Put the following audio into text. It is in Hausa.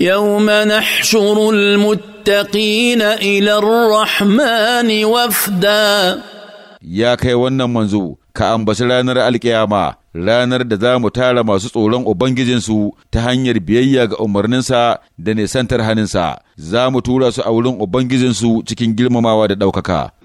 يوم نحشر المتقين إلى الرحمن وفدا يا كي wannan manzo ka ambaci ranar alkiyama ranar da za mu tara masu tsoron ubangijinsu ta hanyar biyayya ga umarninsa da nisantar haninsa za mu tura su a wurin ubangijinsu cikin girmamawa da ɗaukaka